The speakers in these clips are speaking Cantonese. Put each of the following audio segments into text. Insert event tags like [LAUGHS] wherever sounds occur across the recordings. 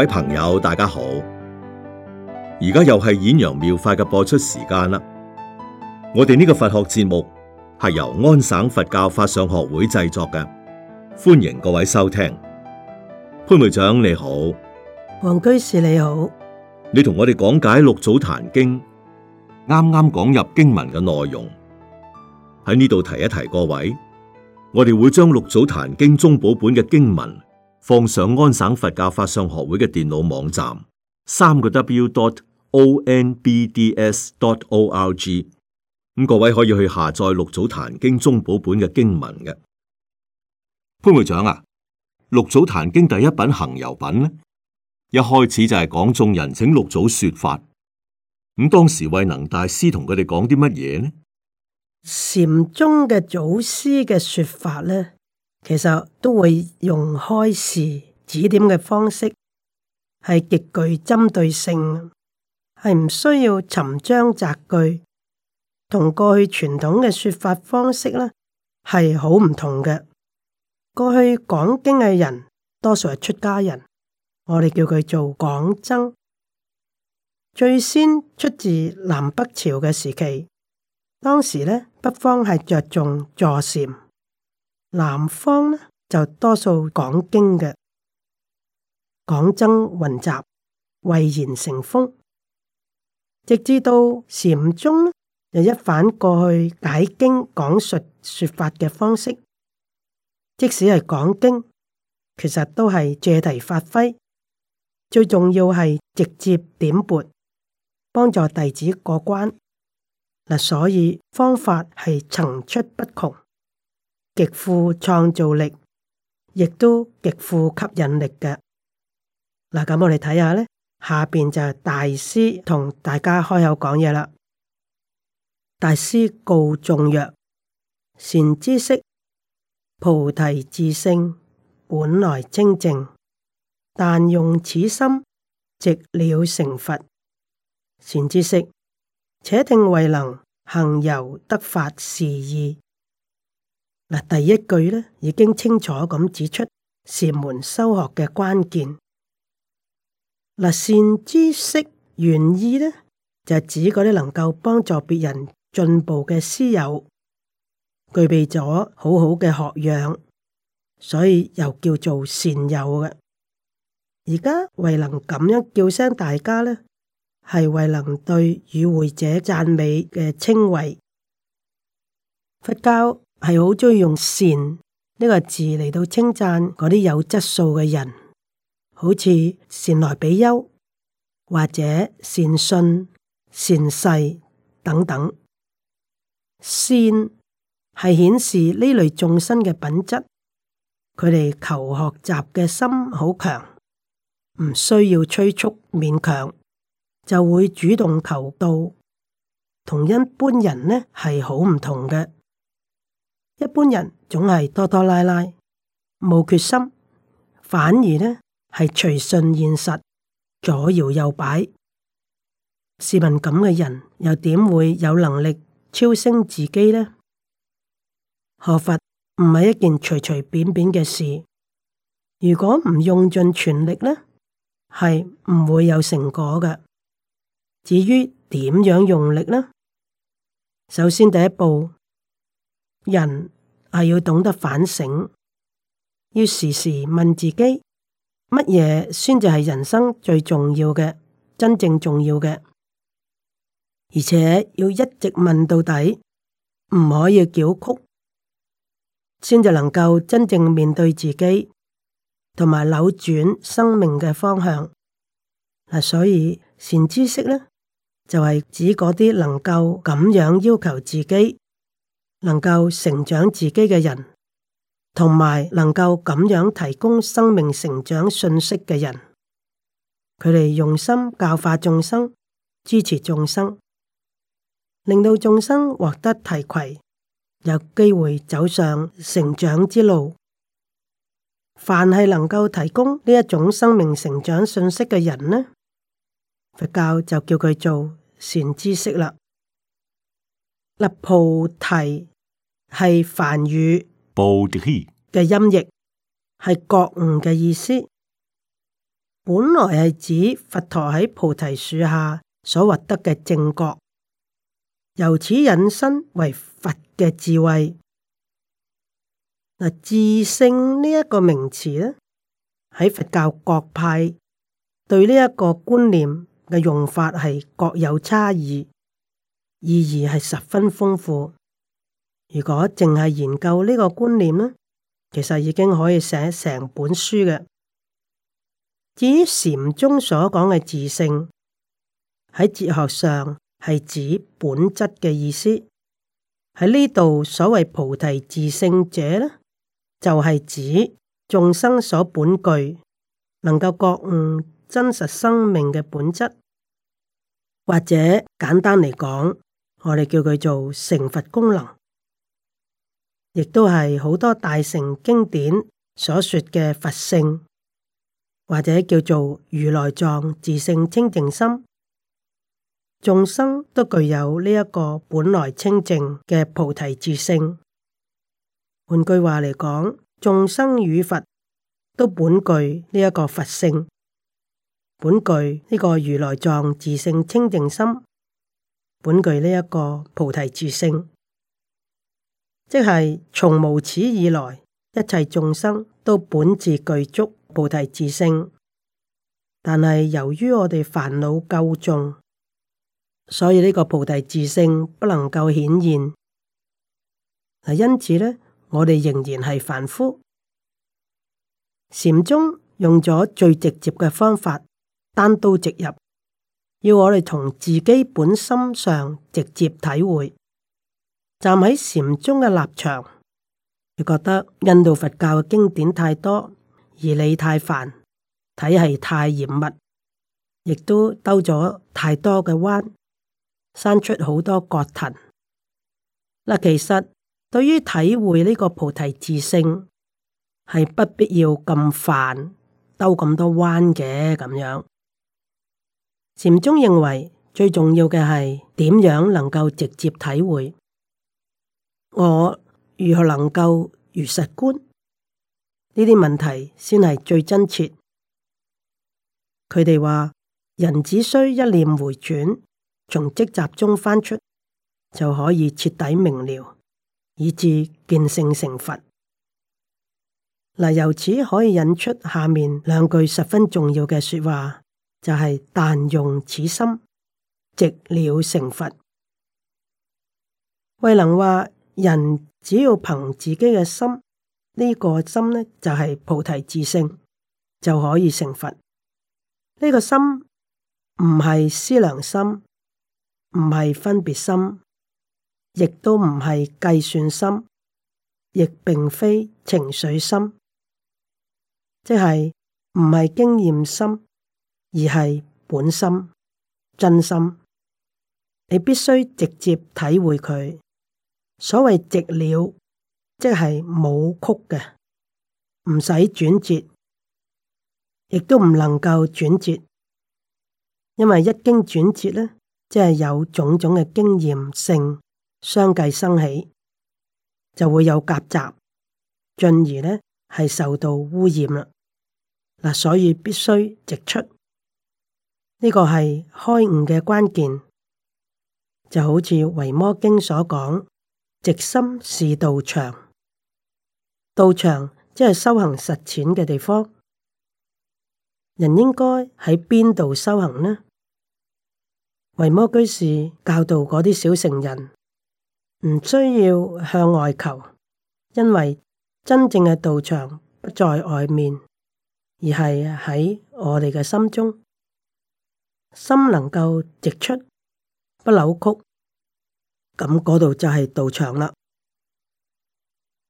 各位朋友，大家好！而家又係演揚妙，妙法嘅播出時間啦。我哋呢個佛學節目係由安省佛教法相學會製作嘅，歡迎各位收聽。潘會長你好，黃居士你好，你同我哋講解六祖壇經，啱啱講入經文嘅內容，喺呢度提一提各位，我哋會將六祖壇經中寶本嘅經文。放上安省佛教,教法上學會嘅電腦網站，三個 w.dot.onbds.dot.org，咁各位可以去下載六祖壇經宗寶本嘅經文㗎。潘會長啊，六祖壇經第一品行由品咧，一開始就係講眾人請六祖說法，咁當時慧能大師同佢哋講啲乜嘢呢？禪宗嘅祖師嘅說法咧。其實都會用開示指點嘅方式，係極具針對性，係唔需要尋章摘句，同過去傳統嘅說法方式呢，係好唔同嘅。過去講經嘅人多數係出家人，我哋叫佢做講僧。最先出自南北朝嘅時期，當時呢，北方係着重坐禪。南方呢就多數講經嘅講僧雲集蔚然成風，直至到禪宗呢就一反過去解經講述說法嘅方式，即使係講經，其實都係借題發揮，最重要係直接點撥，幫助弟子過關嗱，所以方法係層出不窮。極富創造力，亦都極富吸引力嘅。嗱，咁我哋睇下呢，下邊就係大師同大家開口講嘢啦。大師告眾曰：善知識，菩提自性，本來清淨，但用此心，直了成佛。善知識，且聽惠能行由得法事意。嗱，第一句咧，已經清楚咁指出禪門修學嘅關鍵。嗱，善知識原意呢，就是、指嗰啲能夠幫助別人進步嘅師友，具備咗好好嘅學養，所以又叫做善友嘅。而家為能咁樣叫聲大家呢，係為能對與會者讚美嘅稱謂，佛教。係好中意用善呢這個字嚟到稱讚嗰啲有質素嘅人，好似善來比丘或者善信、善世等等。善係顯示呢類眾生嘅品質，佢哋求學習嘅心好強，唔需要催促勉強，就會主動求道，同一般人呢係好唔同嘅。一般人總係拖拖拉拉，冇決心，反而呢係隨順現實，左搖右擺。試問咁嘅人又點會有能力超升自己呢？學佛唔係一件隨隨便便嘅事，如果唔用盡全力呢，係唔會有成果嘅。至於點樣用力呢？首先第一步。人係要懂得反省，要時時問自己乜嘢先至係人生最重要嘅，真正重要嘅，而且要一直問到底，唔可以矯曲，先至能夠真正面對自己，同埋扭轉生命嘅方向。嗱，所以善知識呢，就係指嗰啲能夠咁樣要求自己。能夠成長自己嘅人，同埋能夠咁樣提供生命成長信息嘅人，佢哋用心教化眾生，支持眾生，令到眾生獲得提携，有機會走上成長之路。凡係能夠提供呢一種生命成長信息嘅人呢，佛教就叫佢做善知識啦，立菩提。係梵語嘅音譯，係覺悟嘅意思。本來係指佛陀喺菩提樹下所獲得嘅正覺，由此引申為佛嘅智慧。嗱，智性呢一個名詞咧，喺佛教各派對呢一個觀念嘅用法係各有差異，意義係十分豐富。如果淨係研究呢個觀念呢，其實已經可以寫成本書嘅。至於禪宗所講嘅自性，喺哲學上係指本質嘅意思。喺呢度所謂菩提自性者呢，就係指眾生所本具，能夠覺悟真實生命嘅本質，或者簡單嚟講，我哋叫佢做成佛功能。亦都係好多大乘經典所說嘅佛性，或者叫做如來藏自性清淨心，眾生都具有呢一個本來清淨嘅菩提自性。換句話嚟講，眾生與佛都本具呢一個佛性，本具呢個如來藏自性清淨心，本具呢一個菩提自性。即係從無始以來，一切眾生都本自具足菩提自性，但係由於我哋煩惱垢重，所以呢個菩提自性不能夠顯現。因此呢，我哋仍然係凡夫。禪宗用咗最直接嘅方法，單刀直入，要我哋從自己本心上直接體會。站喺禪宗嘅立場，又覺得印度佛教嘅經典太多，而理太繁，體系太嚴密，亦都兜咗太多嘅彎，生出好多葛藤。嗱，其實對於體會呢個菩提自性，係不必要咁繁，兜咁多彎嘅咁樣。禪宗認為最重要嘅係點樣能夠直接體會。我如何能夠如實觀？呢啲問題，先係最真切。佢哋話人只需一念回轉，從積習中翻出，就可以徹底明了，以至見性成佛。嗱，由此可以引出下面兩句十分重要嘅說話，就係、是、但用此心，直了成佛。慧能話。人只要憑自己嘅心，呢個心呢就係菩提自性，就可以成佛。呢個心唔係思量心，唔係分別心，亦都唔係計算心，亦並非情緒心，即係唔係經驗心，而係本心、真心。你必須直接體會佢。所謂直了，即係冇曲嘅，唔使轉折，亦都唔能夠轉折，因為一經轉折，呢，即係有種種嘅經驗性相繼生起，就會有夾雜，進而呢係受到污染啦。嗱，所以必須直出，呢、這個係開悟嘅關鍵，就好似維摩經所講。直心是道場，道場即係修行實踐嘅地方。人應該喺邊度修行呢？維摩居士教導嗰啲小乘人，唔需要向外求，因為真正嘅道場不在外面，而係喺我哋嘅心中。心能夠直出，不扭曲。咁嗰度就係道場啦。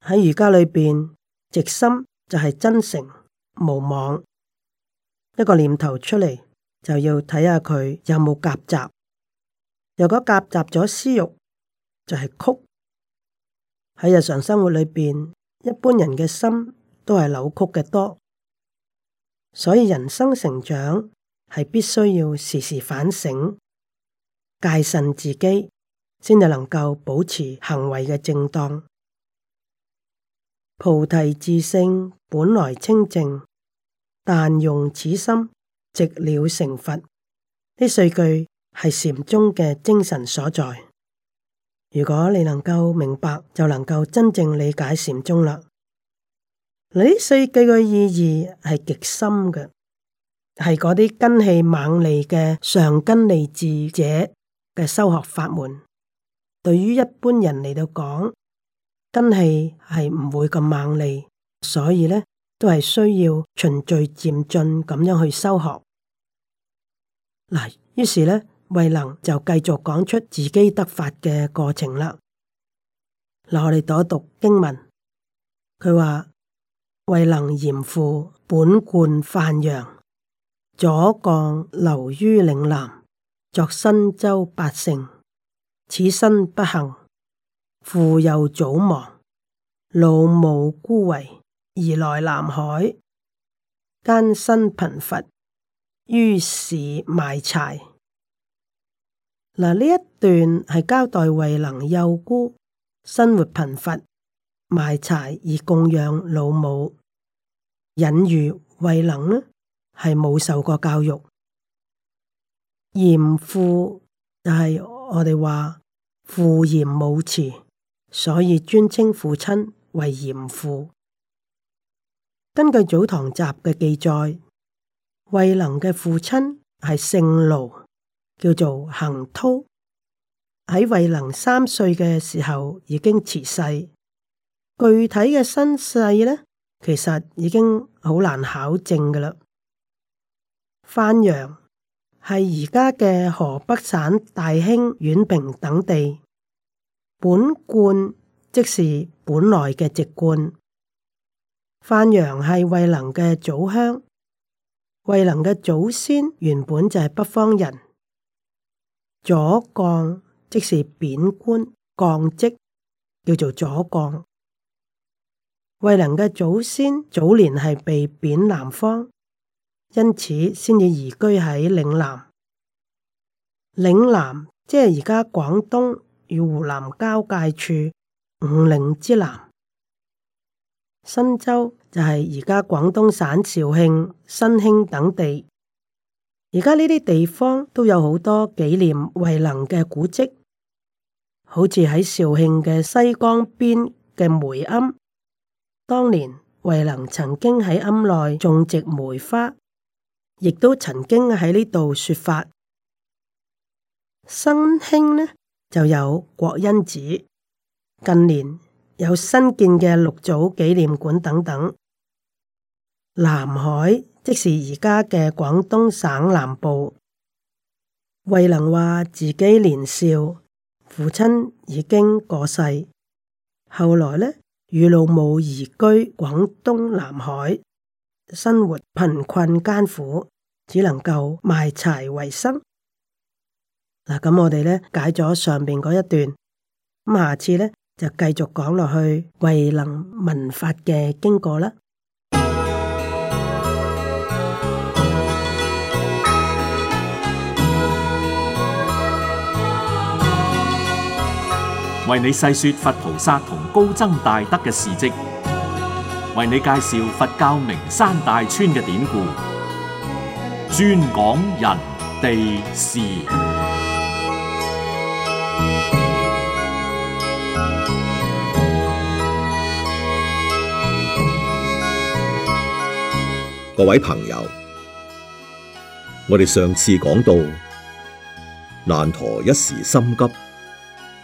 喺儒家裏邊，直心就係真誠無妄。一個念頭出嚟就要睇下佢有冇夾雜，如果夾雜咗私欲，就係曲。喺日常生活裏邊，一般人嘅心都係扭曲嘅多，所以人生成長係必須要時時反省、戒慎自己。先至能夠保持行為嘅正當。菩提自性本來清淨，但用此心，直了成佛。呢四句係禪宗嘅精神所在。如果你能夠明白，就能夠真正理解禪宗啦。呢四句嘅意義係極深嘅，係嗰啲根氣猛利嘅上根利智者嘅修學法門。對於一般人嚟到講，根器係唔會咁猛利，所以呢都係需要循序漸進咁樣去修學。嗱，於是呢，慧能就繼續講出自己得法嘅過程啦。嗱，我哋攞讀，讀經文，佢話：慧能嚴父本貫范陽，左降流於嶺南，作新州百姓。此身不幸，父又早亡，老母孤遺，而來南海，艱辛貧乏，於是賣柴。嗱，呢一段係交代慧能幼孤，生活貧乏，賣柴以供養老母。隱喻慧能呢，係冇受過教育，嚴父就係我哋話。父嚴母慈，所以尊稱父親為嚴父。根據《祖堂集》嘅記載，慧能嘅父親係姓盧，叫做行滔。喺慧能三歲嘅時候已經辭世，具體嘅身世呢，其實已經好難考證㗎喇。范陽係而家嘅河北省大興、宛平等地。本貫即是本來嘅籍貫，范陽係惠能嘅祖鄉。惠能嘅祖先原本就係北方人。左降即是貶官降職，叫做左降。惠能嘅祖先早年係被貶南方，因此先至移居喺嶺南。嶺南即係而家廣東。與湖南交界處，五嶺之南，新州就係而家廣東省肇慶、新興等地。而家呢啲地方都有好多紀念慧能嘅古跡，好似喺肇慶嘅西江邊嘅梅庵，當年慧能曾經喺庵內種植梅花，亦都曾經喺呢度說法。新興呢？就有國恩寺，近年有新建嘅六祖紀念館等等。南海即是而家嘅廣東省南部。惠能話自己年少，父親已經過世，後來呢，與老母移居廣東南海，生活貧困艱苦，只能夠賣柴為生。嗱，咁我哋咧解咗上邊嗰一段，咁下次咧就繼續講落去慧能聞法嘅經過啦。為你細說佛菩薩同高僧大德嘅事跡，為你介紹佛教名山大川嘅典故，專講人、地、事。各位朋友，我哋上次講到難陀一時心急，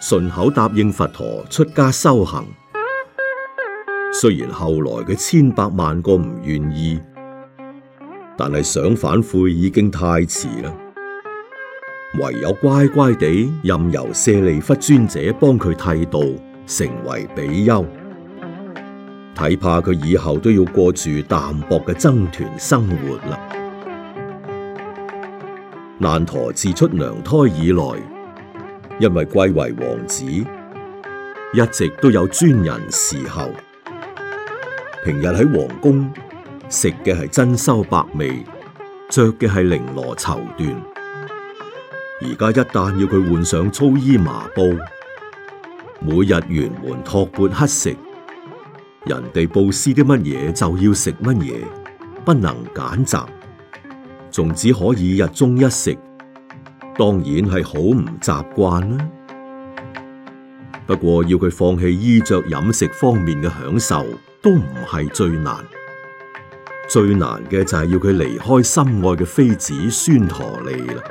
順口答應佛陀出家修行，雖然後來佢千百萬個唔願意，但係想反悔已經太遲啦，唯有乖乖地任由舍利弗尊者幫佢剃度，成為比丘。睇怕佢以後都要過住淡薄嘅僧團生活啦。難陀自出娘胎以來，因為貴為王子，一直都有專人侍候。平日喺皇宮，食嘅係珍饈百味，着嘅係綾羅綢緞。而家一旦要佢換上粗衣麻布，每日沿門托缽乞食。人哋布施啲乜嘢就要食乜嘢，不能揀擇，仲只可以日中一食。當然係好唔習慣啦。不過要佢放棄衣着飲食方面嘅享受都唔係最難，最難嘅就係要佢離開心愛嘅妃子孫陀利啦。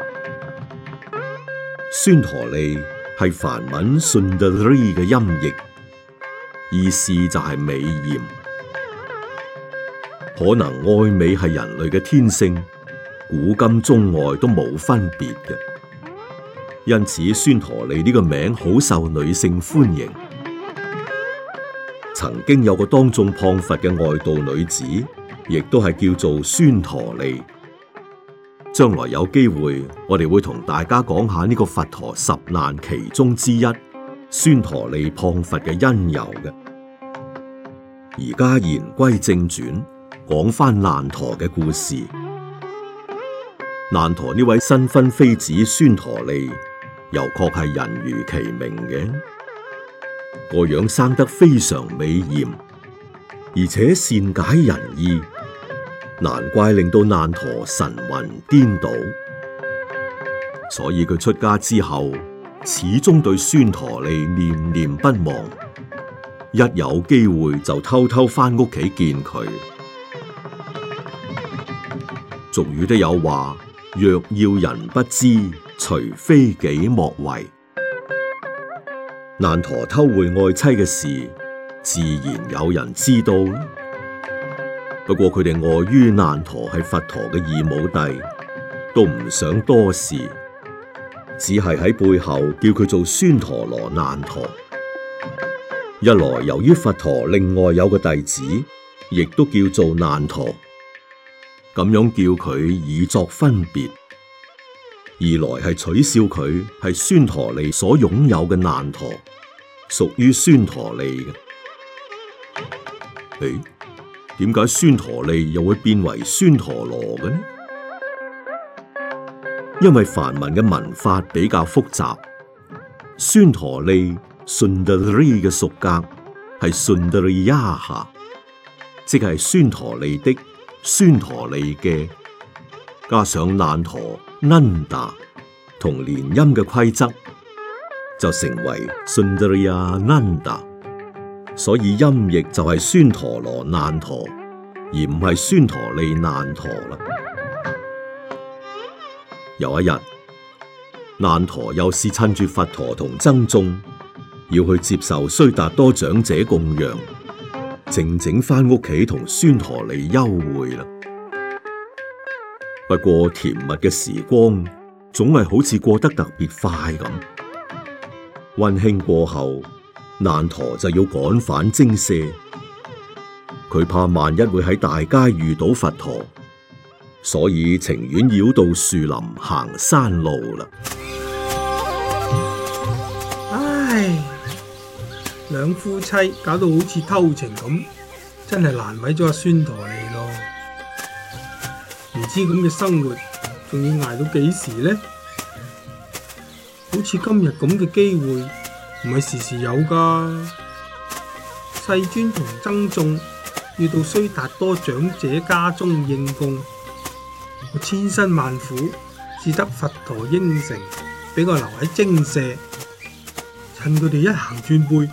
孫陀利係梵文 Sundari 嘅音譯。意思就係美艷，可能愛美係人類嘅天性，古今中外都冇分別嘅。因此，孫陀利呢個名好受女性歡迎。曾經有個當眾謗佛嘅外道女子，亦都係叫做孫陀利。將來有機會，我哋會同大家講下呢個佛陀十難其中之一。孫陀利謗佛嘅因由嘅。而家言歸正傳，講返難陀嘅故事。難陀呢位新婚妃子孫陀利，又確係人如其名嘅，個樣生得非常美艷，而且善解人意,難怪令到難陀神魂顛倒。所以佢出家之後。始終對孫陀利念念不忘，一有機會就偷偷返屋企見佢。俗語都有話：若要人不知，除非己莫為。難陀偷會愛妻嘅事，自然有人知道。不過佢哋礙於難陀係佛陀嘅異母弟，都唔想多事。只係喺背後叫佢做孫陀羅難陀，一來由於佛陀另外有個弟子，亦都叫做難陀，咁樣叫佢以作分別；二來係取笑佢係孫陀利所擁有嘅難陀，屬於孫陀利嘅、哎。誒，點解孫陀利又會變為孫陀羅嘅呢？因為梵文嘅文法比較複雜，孫陀利順德利嘅屬格係順德利呀下，即係孫陀利的孫陀利嘅，加上難陀恩達同連音嘅規則，就成為順德利呀恩達，所以音譯就係孫陀羅難陀，而唔係孫陀利難陀啦。有一日，難陀又是趁住佛陀同僧眾要去接受須達多長者供養，靜靜返屋企同孫陀利幽會啦。不過甜蜜嘅時光，總係好似過得特別快咁。溫馨過後，難陀就要趕返精舍，佢怕萬一會喺大街遇到佛陀。所以情願繞到樹林行山路啦。唉，兩夫妻搞到好似偷情咁，真係難為咗阿孫陀利咯。唔知咁嘅生活仲要捱到幾時呢？好似今日咁嘅機會唔係時時有噶。世尊同僧眾遇到須達多長者家中應供。我千辛萬苦，至得佛陀應承，俾我留喺精舍，趁佢哋一行轉背，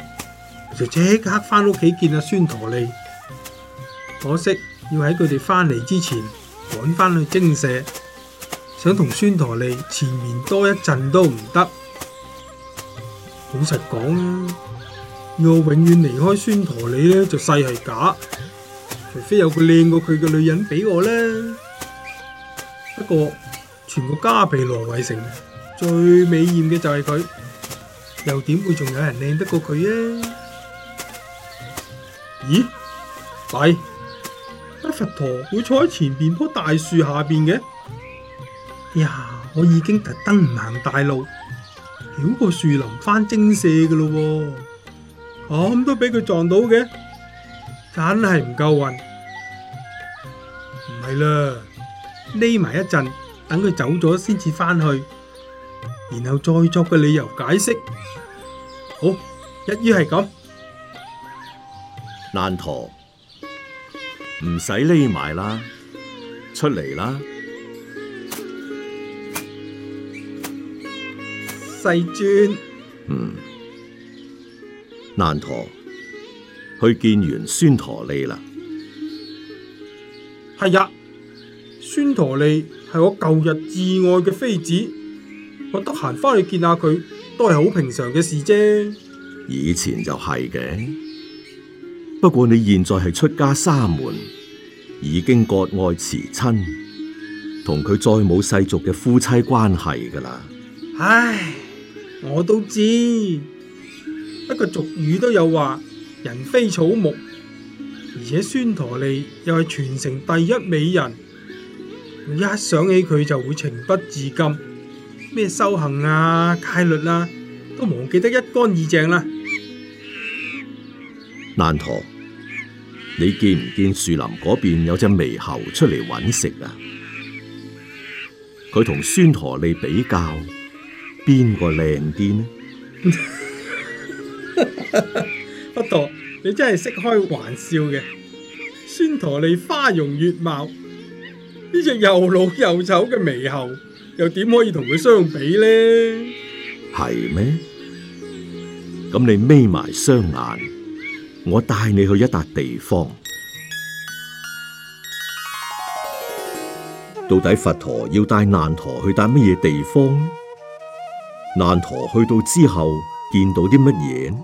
就即刻翻屋企見阿孫陀利。可惜要喺佢哋翻嚟之前趕翻去精舍，想同孫陀利纏綿多一陣都唔得。老實講啊，要我永遠離開孫陀利咧，就世係假，除非有個靚過佢嘅女人俾我啦。不過，全個迦毗羅衛城最美艷嘅就係佢，又點會仲有人靚得過佢啊？咦，喂，乜佛陀會坐喺前邊棵大樹下邊嘅？呀，我已經特登唔行大路，繞過樹林返精舍嘅咯，咁都俾佢撞到嘅，真係唔夠運，唔係啦。匿埋一陣，等佢走咗先至翻去，然後再作個理由解釋。好，一於係咁，難陀唔使匿埋啦，出嚟啦，世尊，嗯，難陀去見完孫陀利啦，係呀、啊。孫陀利係我舊日至愛嘅妃子，我得閒返去見下佢，都係好平常嘅事啫。以前就係嘅，不過你現在係出家沙門，已經割愛辭親，同佢再冇世俗嘅夫妻關係噶啦。唉，我都知，不過俗語都有話，人非草木，而且孫陀利又係全城第一美人。一想起佢就會情不自禁，咩修行啊戒律啊，都忘記得一乾二淨啦。難陀，你見唔見樹林嗰邊有隻獼猴出嚟搵食啊？佢同孫陀利比較，邊個靚啲呢？佛陀， [LAUGHS] 你真係識開玩笑嘅。孫陀利花容月貌。呢隻又老又醜嘅獼猴，又點可以同佢相比呢？係咩？咁你眯埋雙眼，我帶你去一笪地方。到底佛陀要帶難陀去帶乜嘢地方呢？難陀去到之後見到啲乜嘢，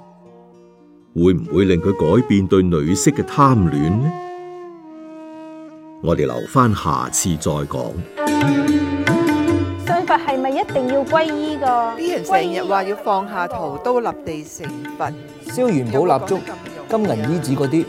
會唔會令佢改變對女色嘅貪戀呢？我哋留翻下，下次再講。信佛係咪一定要皈依噶？啲人成日話要放下屠刀立地成佛，燒元寶蠟燭、金銀衣紙嗰啲，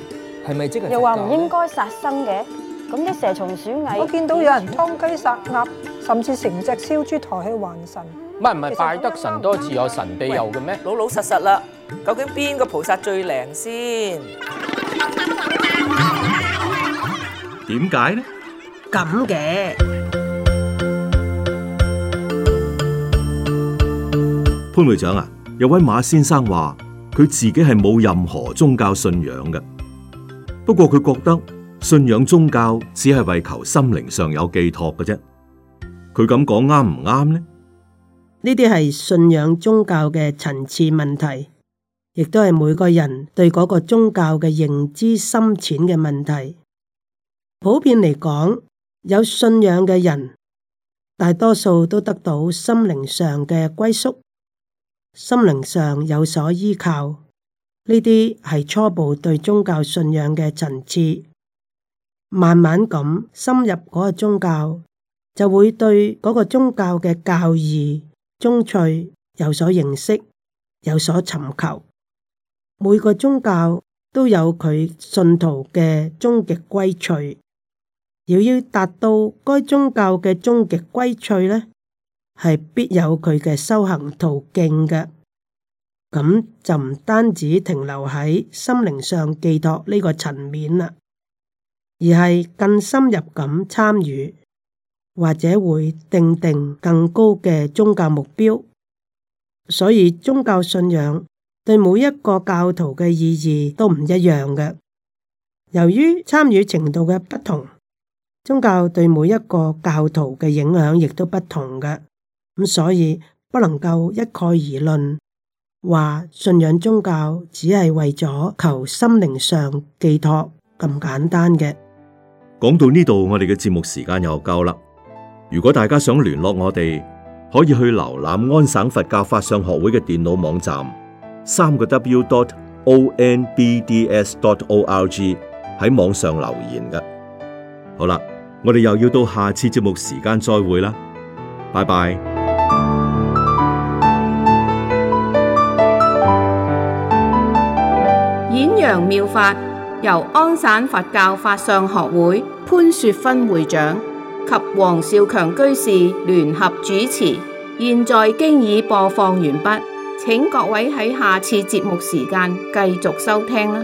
係咪、啊、即係？又話唔應該殺生嘅，咁啲蛇蟲鼠蟻，我見到有人劏雞殺鴨，甚至成隻燒豬抬去還神。唔係唔係，拜得神多自、嗯、有神庇佑嘅咩？老老實實啦，究竟邊個菩薩最靈先？ [LAUGHS] [LAUGHS] 點解呢？咁嘅潘會長啊，有位馬先生話佢自己係冇任何宗教信仰嘅，不過佢覺得信仰宗教只係為求心靈上有寄託嘅啫。佢咁講啱唔啱呢？呢啲係信仰宗教嘅層次問題，亦都係每個人對嗰個宗教嘅認知深淺嘅問題。普遍嚟講，有信仰嘅人，大多數都得到心靈上嘅歸宿，心靈上有所依靠。呢啲係初步對宗教信仰嘅層次。慢慢咁深入嗰個宗教，就會對嗰個宗教嘅教義、宗趣有所認識，有所尋求。每個宗教都有佢信徒嘅終極歸趣。要要達到該宗教嘅終極歸趣呢，係必有佢嘅修行途徑嘅。咁就唔單止停留喺心靈上寄託呢個層面啦，而係更深入咁參與，或者會定定更高嘅宗教目標。所以宗教信仰對每一個教徒嘅意義都唔一樣嘅，由於參與程度嘅不同。宗教對每一個教徒嘅影響亦都不同嘅，咁所以不能夠一概而論，話信仰宗教只係為咗求心靈上寄託咁簡單嘅。講到呢度，我哋嘅節目時間又夠啦。如果大家想聯絡我哋，可以去瀏覽安省佛教法相學會嘅電腦網站，三個 W dot O N B D S dot O R G，喺網上留言嘅。好啦，我哋又要到下次節目時間再會啦，拜拜。演揚妙法由安省佛教法相學會潘雪芬會長及黃少強居士聯合主持，現在已經已播放完畢，請各位喺下次節目時間繼續收聽啦。